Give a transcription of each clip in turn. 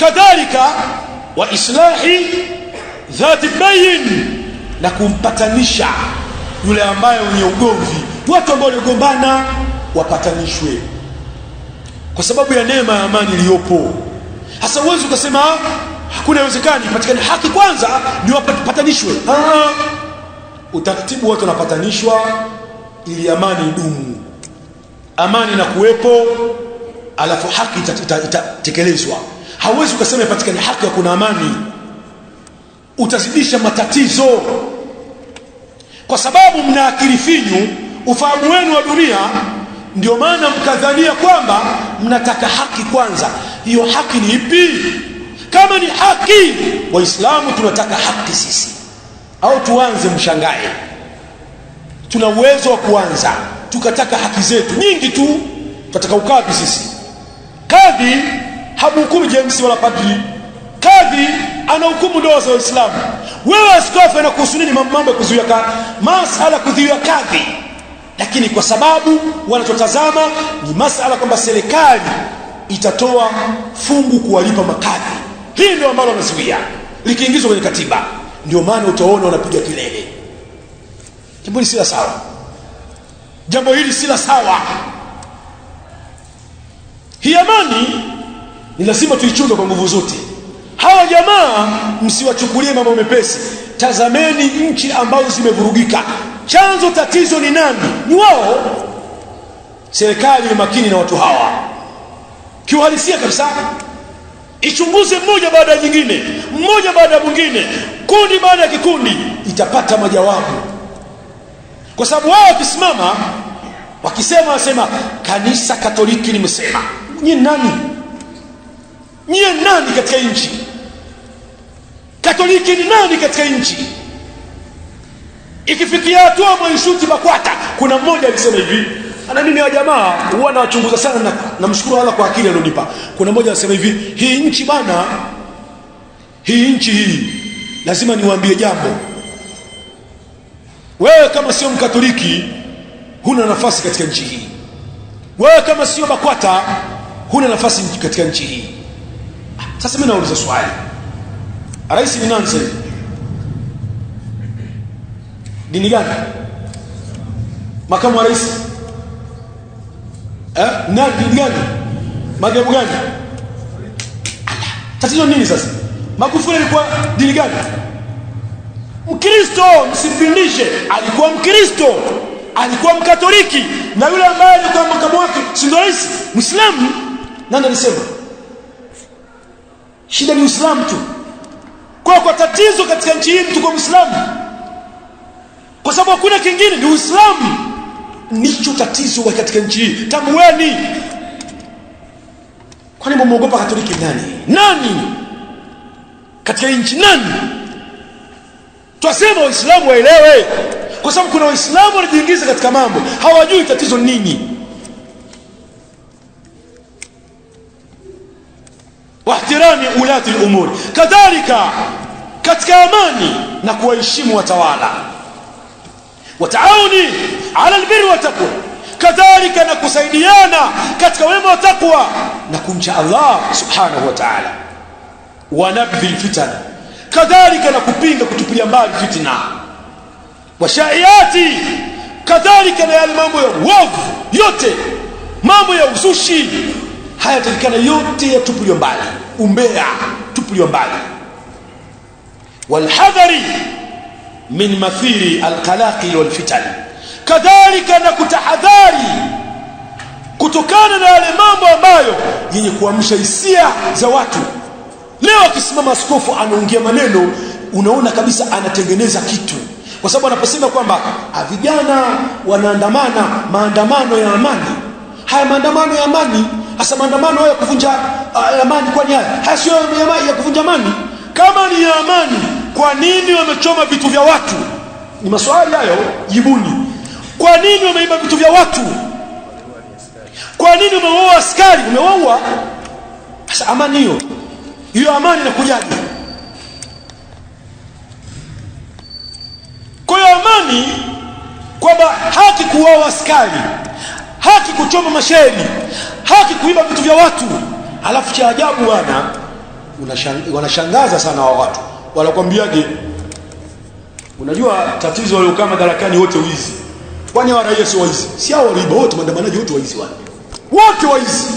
kadhalika wa islahi dhati bain na kumpatanisha yule ambaye wenye ugomvi watu ambao waliogombana wapatanishwe kwa sababu ya neema ya amani iliyopo hasa uwezi ukasema ah, hakuna iwezekani patikane haki kwanza ni wapatanishwe ah, utaratibu watu wanapatanishwa ili amani idumu amani na kuwepo alafu haki itatekelezwa ita, ita hauwezi ukasema ipatikane haki ya kuna amani, utazidisha matatizo, kwa sababu mna akili finyu, ufahamu wenu wa dunia. Ndio maana mkadhania kwamba mnataka haki kwanza. Hiyo haki ni ipi? Kama ni haki, Waislamu tunataka haki sisi, au tuanze mshangae? Tuna uwezo wa kuanza tukataka haki zetu nyingi tu, tunataka ukadhi sisi kadhi hamuhukumu James wala padri. Kadhi anahukumu ndoa za Waislamu. Wewe askofu, anakuhusu nini mambo ya kuzuia masala kudhiwa kadhi? Lakini kwa sababu wanachotazama ni masala kwamba serikali itatoa fungu kuwalipa makadhi, hii ndio ambalo wanazuia, likiingizwa kwenye katiba ndio maana utaona wanapiga kelele. Jambo hili si la sawa, jambo hili si la sawa. Hii ni lazima tuichunge kwa nguvu zote. Hawa jamaa msiwachukulie mambo mepesi. Tazameni nchi ambazo zimevurugika, chanzo tatizo ni nani? Ni wao. Serikali ni makini na watu hawa kiuhalisia kabisa, ichunguze mmoja baada ya nyingine, mmoja baada ya mwingine, kundi baada ya kikundi, itapata majawabu, kwa sababu wao wakisimama wakisema, wasema kanisa Katoliki limesema. Nyinyi nani? Nyie nani katika nchi? Katoliki ni nani katika nchi? Ikifikia hatua mwenishuti BAKWATA, kuna mmoja alisema hivi, ana mimi wa jamaa huwa nawachunguza sana, namshukuru Allah kwa akili alionipa. Kuna mmoja anasema hivi, hii nchi bana, hii nchi hii, lazima niwaambie jambo. Wewe kama sio Mkatoliki huna nafasi katika nchi hii. Wewe kama sio BAKWATA huna nafasi katika nchi hii. Sasa mimi nauliza swali, Rais Sasa dini gani? Makamu wa rais eh, na dini gani? madhehebu gani? Tatizo nini sasa? Magufuli alikuwa dini gani? Mkristo, msipindishe, alikuwa Mkristo, alikuwa Mkatoliki, na yule ambaye alikuwa makamu wake si ndio rais Muislamu. Nani alisema? shida ni Uislamu tu. Kwa kwa tatizo katika nchi hii mtu kwa Muislamu, kwa sababu hakuna kingine, ni Uislamu ndicho tatizo katika nchi hii. Tambueni. Kwani mmeogopa Katoliki nani? Nani katika nchi nani? Twasema Waislamu waelewe, kwa sababu kuna Waislamu wanajiingiza katika mambo hawajui tatizo nini. wahtirami ulati lumuri, kadhalika katika amani na kuwaheshimu watawala. Wataauni ala albiri watakwa, kadhalika na kusaidiana katika wema wa takwa na kumcha Allah subhanahu wa ta'ala. Wanabdhi lfitana, kadhalika na kupinga kutupilia mbali fitna. Washaiati, kadhalika na yale mambo ya uovu yote, mambo ya uzushi haya yatafikana yote tupulio mbali umbea tupulio mbali walhadhari min mathiri alqalaqil walfitan kadhalika na kutahadhari kutokana na yale mambo ambayo yenye kuamsha hisia za watu leo akisimama askofu anaongea maneno unaona kabisa anatengeneza kitu kwa sababu anaposema kwamba ah, vijana wanaandamana maandamano ya amani haya maandamano ya amani sasa maandamano ya kuvunja uh, amani kwa nini? haya sio ya kuvunja amani? Kama ni ya amani, kwa nini wamechoma vitu vya watu? Ni maswali hayo, jibuni. Kwa nini wameiba vitu vya watu? Kwa nini umewaua askari? Umewaua. Sasa amani hiyo hiyo, amani inakujaje? Kwa hiyo amani kwamba haki kuwaua askari, haki kuchoma mashahidi, haki kuiba vitu vya watu. Alafu cha ajabu bwana, wanashangaza sana wa watu, wanakwambiaje? Unajua tatizo waliokaa madarakani wote wizi, kwani wa raia sio waizi? Si hao waliiba wote, maandamanaji wote waizi, wale wote waizi.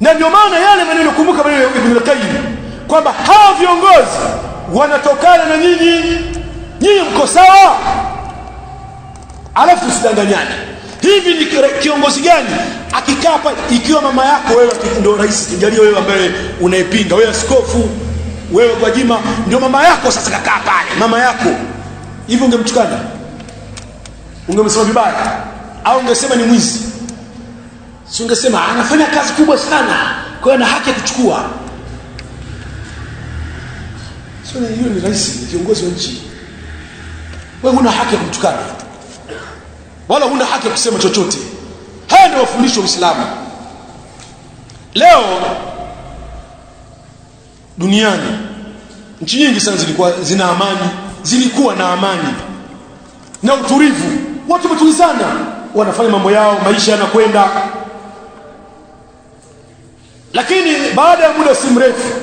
Na ndio maana yale maneno, kumbuka maneno ya Ibn Qayyim kwamba hawa viongozi wanatokana na nyinyi, nyinyi mko sawa. Alafu tusidanganyane, hivi ni kiongozi gani akikaa hapa, ikiwa mama yako wewe ndio rais, Kijalio, wewe ambaye unaipinga wewe, askofu wewe, Gwajima ndio mama yako. Sasa kakaa pale, mama yako hivi, ungemtukana? Ungemsema vibaya au ungesema ni mwizi? Si ungesema ah, anafanya kazi kubwa sana, kwa hiyo ana haki ya kuchukua. Sio hiyo, ni rais, kiongozi wa nchi. Wewe huna haki ya kumtukana wala huna haki ya kusema chochote. Haya ndio mafundisho Uislamu. Leo duniani nchi nyingi sana zilikuwa zina amani, zilikuwa na amani na utulivu, watu wametulizana, wanafanya mambo yao, maisha yanakwenda. Lakini baada ya muda si mrefu,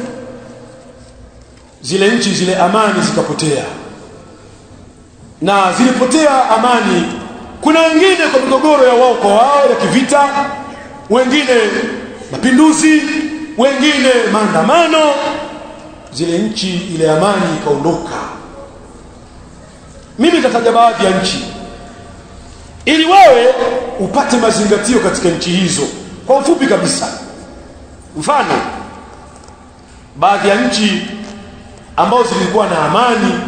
zile nchi zile amani zikapotea, na zilipotea amani kuna wengine kwa migogoro ya wao kwa wao ya kivita, wengine mapinduzi, wengine maandamano, zile nchi ile amani ikaondoka. Mimi nitataja baadhi ya nchi ili wewe upate mazingatio katika nchi hizo kwa ufupi kabisa. Mfano, baadhi ya nchi ambazo zilikuwa na amani,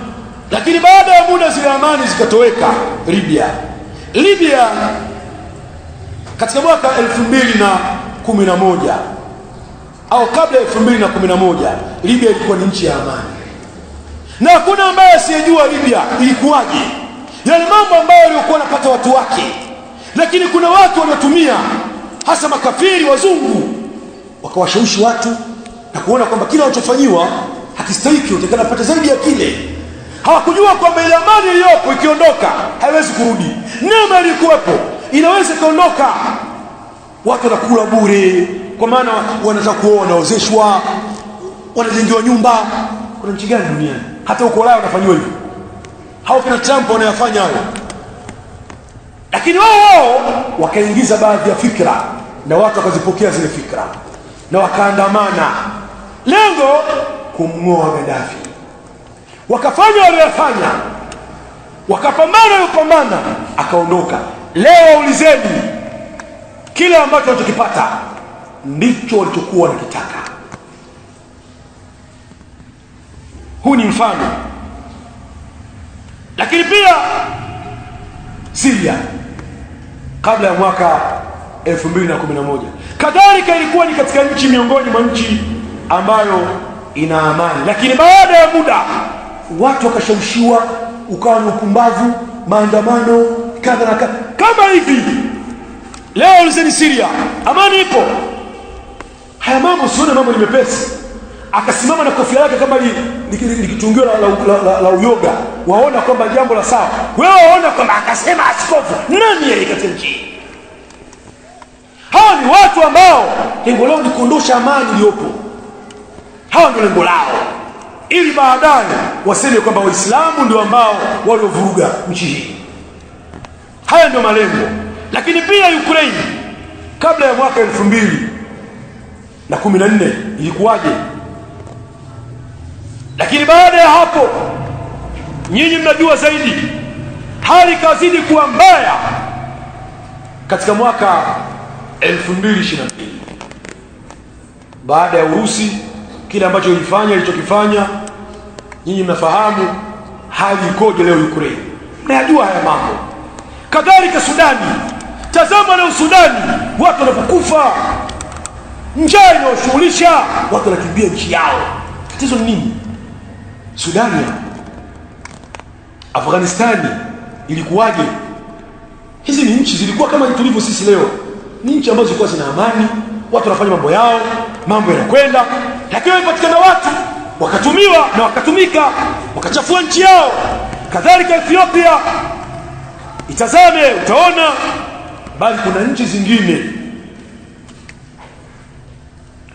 lakini baada ya muda zile amani zikatoweka. Libya Libya katika mwaka 2011 au kabla ya 2011 Libya ilikuwa ni nchi ya amani, na hakuna ambaye asiyejua Libya ilikuwaje, yale yaani mambo ambayo waliokuwa wanapata watu wake. Lakini kuna watu waliotumia, hasa makafiri wazungu, wakawashawishi watu na kuona kwamba kile wanachofanyiwa hakistahiki, utakana pata zaidi ya kile Hawakujua kwamba ile amani iliyopo ikiondoka haiwezi kurudi. Neema ilikuwepo inaweza ikaondoka. Watu wanakula bure, kwa maana wanataka kuoa, wanaozeshwa, wanajengewa nyumba. Kuna nchi gani duniani? Hata huko Ulaya wanafanyiwa hivyo. Hao kina Trump wanayafanya hayo, lakini wao wao wakaingiza baadhi ya fikra na watu wakazipokea zile fikra na wakaandamana, lengo kumng'oa Gaddafi wakafanya walioyafanya, wakapambana waliopambana, akaondoka. Leo waulizeni, kile ambacho walichokipata ndicho walichokuwa wanakitaka. Huu ni mfano, lakini pia siria kabla ya mwaka 2011 kadhalika ilikuwa ni katika nchi miongoni mwa nchi ambayo ina amani, lakini baada ya muda watu wakashawishiwa, ukawa ni upumbavu, maandamano kadha na kadha kama hivi leo. Ulizeni Syria, amani ipo. Haya mambo sione mambo ni mepesi. Akasimama na kofia yake kama likitungio la, la, la, la uyoga, waona kwamba jambo la sawa, wewe waona kwamba akasema askofu nani yeye katika nchi hawa ni watu ambao lengo lao ni kuondosha amani iliyopo. Hawa ndio lengo lao ili baadaye waseme kwamba Waislamu ndio ambao waliovuruga nchi hii. Haya ndio malengo. Lakini pia Ukraine kabla ya mwaka elfu mbili na kumi na nne ilikuwaje? Lakini baada ya hapo, nyinyi mnajua zaidi, hali ikazidi kuwa mbaya katika mwaka elfu mbili ishirini na mbili baada ya Urusi kile ambacho ulifanya ilichokifanya, nyinyi mnafahamu hali ikoje leo Ukraine, mnayajua haya mambo. Kadhalika Sudani, tazama leo Sudani watu wanapokufa, njaa inayoshughulisha watu wanakimbia nchi yao. Tatizo ni nini? Sudani, Afghanistani ilikuwaje? Hizi ni nchi zilikuwa kama tulivyo sisi leo, ni nchi ambazo zilikuwa zina amani, watu wanafanya mambo yao mambo yanakwenda, lakini walipatikana watu wakatumiwa na wakatumika wakachafua nchi yao. Kadhalika Ethiopia, itazame utaona, bali kuna nchi zingine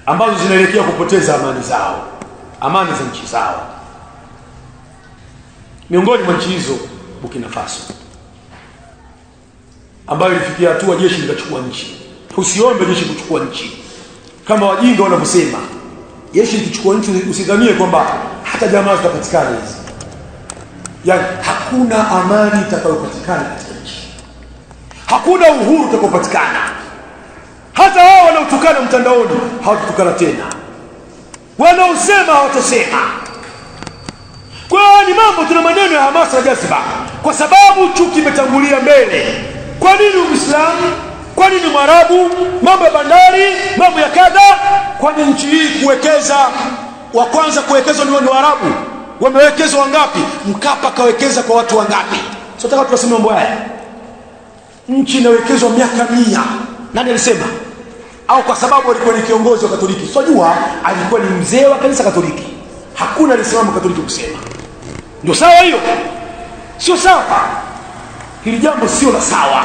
ambazo zinaelekea kupoteza amani zao, amani za nchi zao. Miongoni mwa nchi hizo Burkina Faso, ambayo ilifikia hatua jeshi likachukua nchi. Usiombe jeshi kuchukua nchi kama wajinga wanavyosema. yeshi kichukua nchi, usidhamie kwamba hata jamaa zitapatikana hizi, yani hakuna amani itakayopatikana katika nchi, hakuna uhuru utakaopatikana. Hata wao wanaotukana mtandaoni hawatatukana tena, wanaosema hawatasema. Kwa ni mambo, tuna maneno ya hamasa na jaziba kwa sababu chuki imetangulia mbele. Kwa nini Uislamu kwani ni Mwarabu, mambo ya bandari, mambo ya kadha. Kwani nchi hii kuwekeza, wa kwanza kuwekezwa ndio ni Waarabu. Wamewekeza wangapi? Mkapa kawekeza kwa watu wangapi? Tunataka tuwaseme mambo haya. Nchi inawekezwa miaka mia. Nani alisema? Au kwa sababu alikuwa ni kiongozi wa Katoliki? jua alikuwa ni mzee wa kanisa Katoliki. Hakuna alisimama Katoliki kusema ndio sawa, hiyo sio sawa. Hili jambo sio la sawa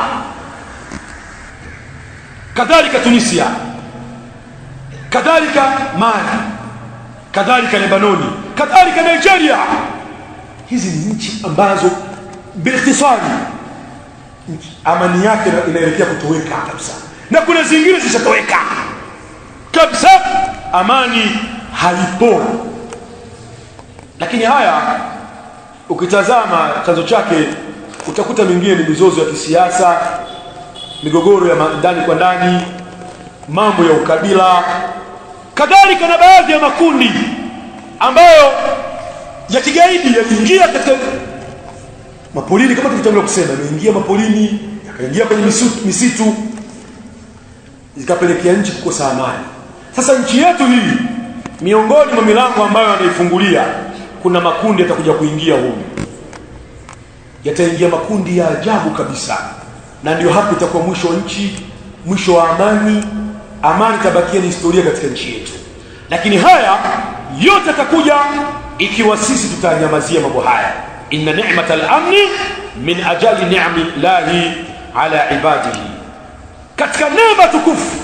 kadhalika Tunisia, kadhalika Mali, kadhalika Lebanoni, kadhalika Nigeria. Hizi ni nchi ambazo bilkhtisari amani yake inaelekea kutoweka kabisa, na kuna zingine zishatoweka kabisa, amani haipo. Lakini haya ukitazama chanzo chake utakuta mingine ni mizozo ya kisiasa migogoro ya ndani kwa ndani, mambo ya ukabila, kadhalika na baadhi ya makundi ambayo ya kigaidi yaliingia katika mapolini kama tulivyotangulia kusema, yameingia mapolini yakaingia kwenye misitu, misitu zikapelekea nchi kukosa amani. Sasa nchi yetu hii, miongoni mwa milango ambayo anaifungulia kuna makundi yatakuja kuingia humu, yataingia makundi ya ajabu kabisa na ndio hapo itakuwa mwisho wa nchi, mwisho wa amani. Amani itabakia ni historia katika nchi yetu, lakini haya yote atakuja ikiwa sisi tutanyamazia mambo haya. inna ni'mata al-amni min ajali ni'mi llahi ala ibadihi, katika neema tukufu,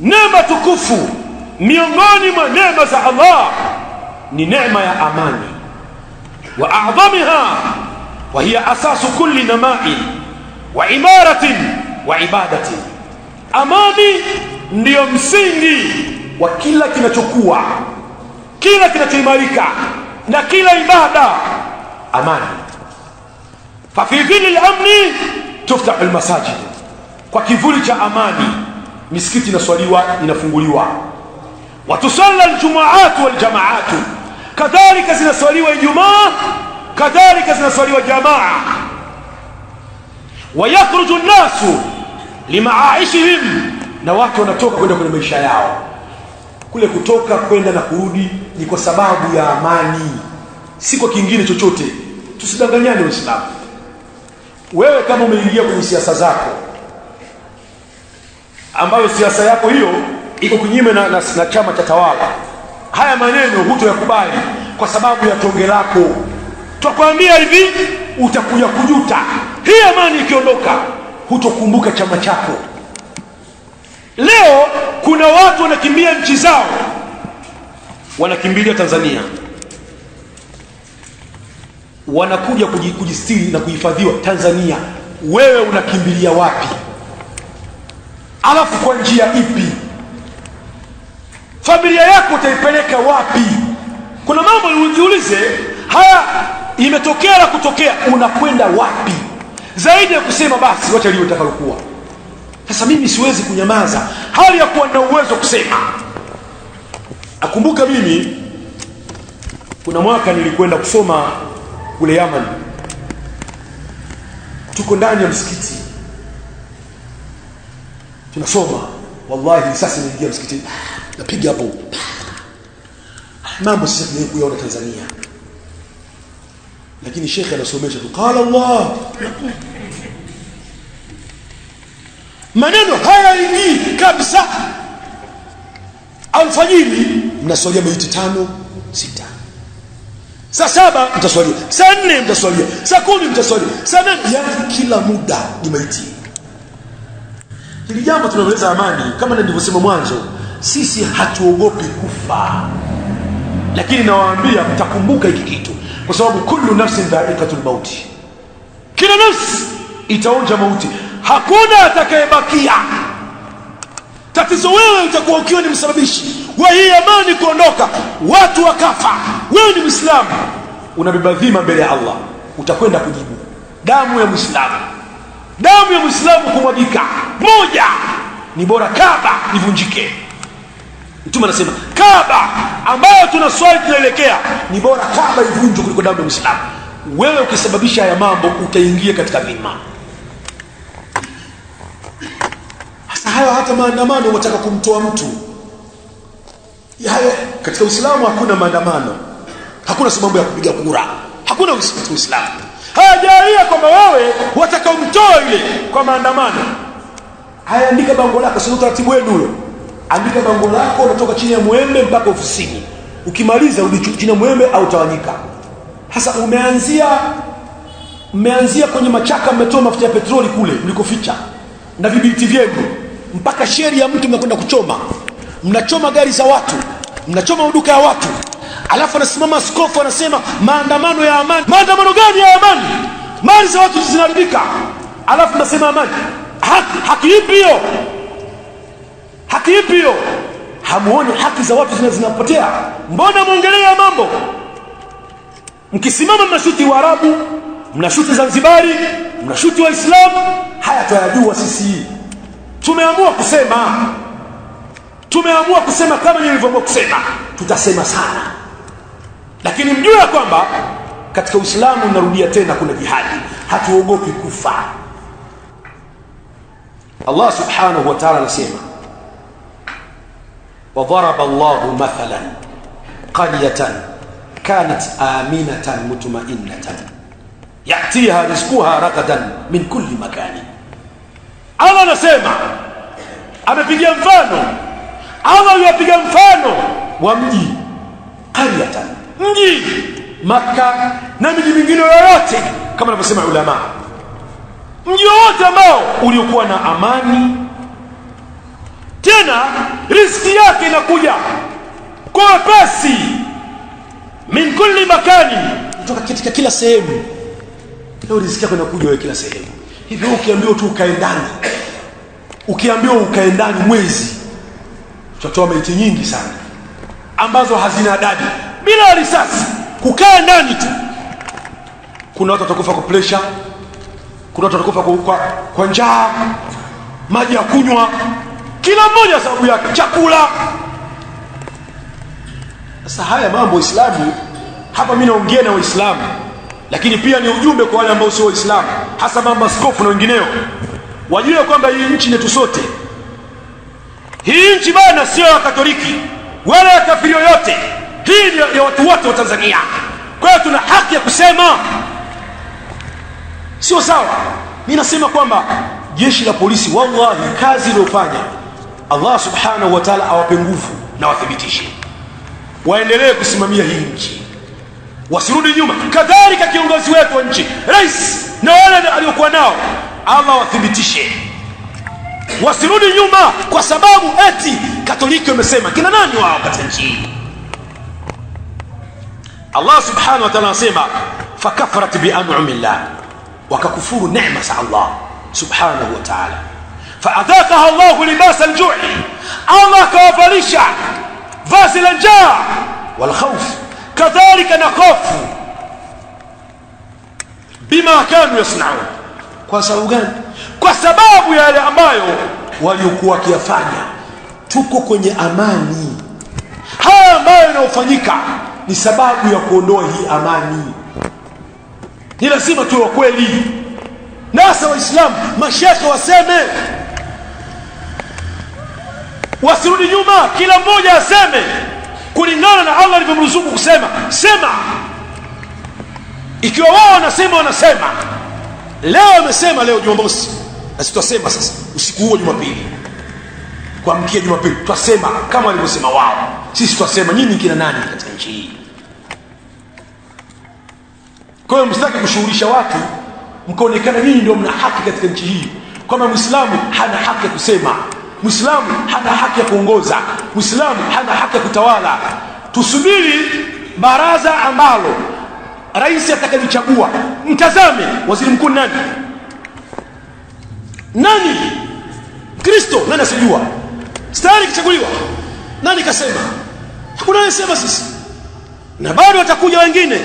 neema tukufu miongoni mwa neema za Allah ni neema ya amani wa a'dhamiha wa hiya asasu kulli namai wa imaratin wa ibadati. Amani ndiyo msingi wa kila kinachokuwa, kila kinachoimarika na kila ibada. Amani fa fi dhilli al-amni tuftahu al-masajid, kwa kivuli cha amani misikiti inaswaliwa, inafunguliwa. Watusalla al-jumu'atu wal-jama'atu, kadhalika zinaswaliwa Ijumaa, kadhalika zinaswaliwa jamaa wayakhruju nnasu limaaishihim, na watu wanatoka kwenda kwenye maisha yao. Kule kutoka kwenda na kurudi ni kwa sababu ya amani, si kwa kingine chochote. Tusidanganyane Waislamu. Wewe kama umeingia kwenye siasa zako, ambayo siasa yako hiyo iko kinyume na, na, na chama cha tawala, haya maneno hutoyakubali kwa sababu ya tonge lako. Twakwambia hivi, utakuja kujuta. Hii amani ikiondoka, hutokumbuka chama chako. Leo kuna watu wanakimbia nchi zao, wanakimbilia Tanzania, wanakuja kujistiri na kuhifadhiwa Tanzania. Wewe unakimbilia wapi? Alafu kwa njia ipi? Familia yako utaipeleka wapi? Kuna mambo ujiulize. Haya imetokea la kutokea, unakwenda wapi? zaidi ya kusema basi wacha liwe litakalokuwa. Sasa mimi siwezi kunyamaza hali ya kuwa na uwezo kusema. Akumbuka mimi kuna mwaka nilikwenda kusoma kule Yaman, tuko ndani ya msikiti tunasoma, wallahi sasa naingia msikitini napiga hapo mambo sasa tunayokuyaona Tanzania lakini shekhe anasomesha tu qala Allah maneno haya ingii kabisa alfajiri mnaswalia maiti tano sita saa saba mtaswalia saa nne mtaswalia saa kumi mtaswalia saa nane yani kila muda ni maiti hili jambo tunaweza amani kama nilivyosema mwanzo sisi hatuogopi kufa lakini nawaambia mtakumbuka hiki kitu, kwa sababu kullu nafsin dha'iqatul mauti, kila nafsi itaonja mauti, hakuna atakayebakia. Tatizo wewe utakuwa ukiwa ni msababishi wa hii amani kuondoka, watu wakafa, wewe ni Mwislamu unabeba dhima mbele ya Allah, utakwenda kujibu. Damu ya Mwislamu, damu ya Mwislamu kumwagika moja, ni bora kaba ivunjike Mtume anasema Kaaba ambayo tunaswali tunaelekea, ni bora Kaaba ivunjwe kuliko damu ya Muislamu. Wewe ukisababisha haya mambo utaingia katika dhima. Hasa hayo hata maandamano wataka kumtoa mtu hayo, katika Uislamu hakuna maandamano, hakuna sababu ya kupiga kura, hakuna katika Uislamu. Hayajalia kwamba wewe wataka umtoa ile kwa maandamano, hayaandika bango lako, sio utaratibu wenu huyo andika bango lako, unatoka chini ya mwembe mpaka ofisini. Ukimaliza rudi chini ya mwembe au tawanyika. Sasa umeanzia mmeanzia kwenye machaka, mmetoa mafuta ya petroli kule mlikoficha na vibiriti vyenu, mpaka sheri ya mtu mnakwenda kuchoma. Mnachoma gari za watu, mnachoma maduka ya watu, alafu anasimama askofu anasema maandamano ya amani. Maandamano gani ya amani? Mali za watu zinaharibika, alafu nasema amani. Haki, haki ipi hiyo? haki ipi hiyo? Hamuoni haki za watu zinapotea? Mbona mwongelea mambo, mkisimama mnashuti Waarabu, mnashuti Zanzibari, mnashuti Waislamu. Haya twayajua sisi, tumeamua kusema, tumeamua kusema kama nilivyoamua kusema, tutasema sana, lakini mjue ya kwamba katika Uislamu, narudia tena, kuna jihadi. Hatuogopi kufa. Allah subhanahu wa ta'ala anasema wadharaba Allahu mathalan qaryatan kanat aminatan mutmainatan yatiha rizquha ragadan min kulli makani. Allah anasema amepiga mfano, Allah aliwapiga mfano wa mji qaryatan, mji Maka na miji mingine yoyote, kama anavyosema ulama, mji wowote ambao uliokuwa na amani tena riziki yake inakuja kwa wepesi, min kulli makani, kutoka katika kila sehemu. Leo riziki yako inakuja wewe kila sehemu. Hivyo ukiambiwa tu ukae ndani, ukiambiwa ukae ndani mwezi, tutatoa maiti nyingi sana ambazo hazina adadi, bila risasi, kukaa ndani tu. Kuna watu watakufa kwa pressure, kuna watu watakufa kwa, kwa, kwa njaa, maji ya kunywa kila mmoja sababu yake, chakula. Sasa haya mambo Waislamu hapa, mimi naongea na Waislamu, lakini pia ni ujumbe kwa wale ambao sio Waislamu, hasa mama askofu na wengineo, wajue kwamba hii nchi netu yetu sote. Hii nchi bana sio ya Katoliki wala ya kafiri yoyote, hii ya watu wote wa Tanzania. Kwa hiyo tuna haki ya kusema sio sawa. Mimi nasema kwamba jeshi la polisi, wallahi, kazi iliyofanya Allah subhanahu wa ta'ala awape nguvu na wathibitishe, waendelee kusimamia hii nchi, wasirudi nyuma. Kadhalika kiongozi wetu wa nchi, rais na wale aliokuwa nao, Allah wathibitishe, wasirudi nyuma, kwa sababu eti Katoliki wamesema. Kina nani wao katika nchi hii? Allah subhanahu wa ta'ala anasema fakafarat bianumi wakakufuru neema za Allah subhanahu wa ta'ala faadhaqaha Allahu libasa aljui, Allah akawavalisha vazi la njaa walkhaufu, kadhalika na hofu. Bima kanu yasnaun, kwa sababu gani? Kwa sababu ya yale ambayo waliokuwa wakiyafanya. Tuko kwenye amani, haya ambayo yanayofanyika ni sababu ya kuondoa hii amani. Ni lazima tuwe kweli, nasa Waislamu mashekhe waseme wasirudi nyuma, kila mmoja aseme kulingana na Allah alivyomruzuku kusema. Sema ikiwa wao wanasema, wanasema leo, wamesema leo Jumamosi, basi tutasema sasa usiku huo Jumapili, kuamkia Jumapili tutasema kama walivyosema wao. Sisi tutasema nyinyi kina nani katika nchi hii? Kwa hiyo msitaki kushughulisha watu mkaonekana nyinyi ndio mna haki katika nchi hii, kwamba mwislamu hana haki ya kusema muislamu hana haki ya kuongoza, mwislamu hana haki ya kutawala. Tusubiri baraza ambalo rais atakalichagua. Mtazame waziri mkuu nani nani, Kristo nani asijua, stari kichaguliwa nani, kasema hakuna anayesema sisi, na bado watakuja wengine.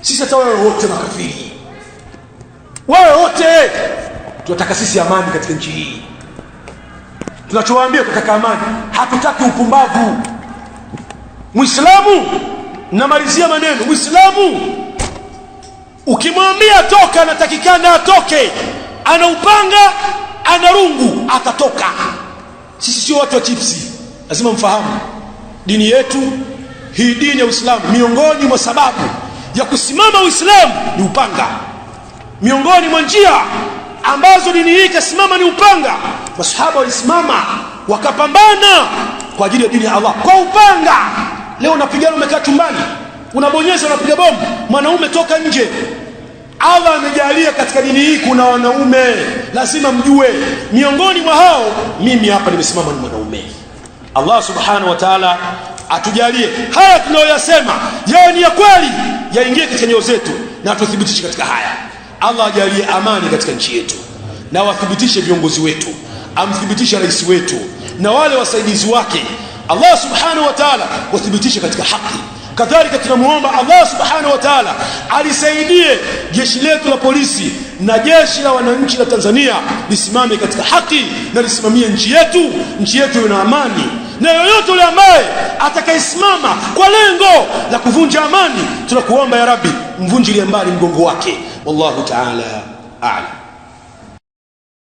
Sisi hata wao wote makafiri, wao wote tunataka sisi amani katika nchi hii. Tunachowaambia tunataka amani, hatutaki upumbavu. Mwislamu, namalizia maneno, mwislamu ukimwambia toka, anatakikana atoke, ana upanga ana rungu, atatoka. Sisi sio watu wa chipsi, lazima mfahamu dini yetu hii, dini ya Uislamu. Miongoni mwa sababu ya kusimama Uislamu ni upanga, miongoni mwa njia ambazo dini hii ikasimama ni upanga masahaba walisimama wakapambana kwa ajili ya dini ya Allah kwa upanga leo unapigana umekaa chumbani unabonyeza unapiga bomu mwanaume toka nje Allah amejalia katika dini hii kuna wanaume lazima mjue miongoni mwa hao mimi hapa nimesimama ni mwanaume Allah subhanahu wa ta'ala atujalie haya tunayoyasema yawe ni ya kweli yaingie katika nyoyo zetu na tuthibitishe katika haya Allah ajalie amani katika nchi yetu na wathibitishe viongozi wetu, amthibitishe rais wetu na wale wasaidizi wake. Allah subhanahu wa ta'ala wathibitishe katika haki. Kadhalika tunamwomba Allah subhanahu wa ta'ala alisaidie jeshi letu la polisi na jeshi la wananchi la Tanzania lisimame katika haki na lisimamie nchi yetu, nchi yetu ina amani na yoyote yule ambaye atakayesimama kwa lengo la kuvunja amani, tunakuomba ya Rabbi mvunjilie mbali mgongo wake. Wallahu taala a'lam.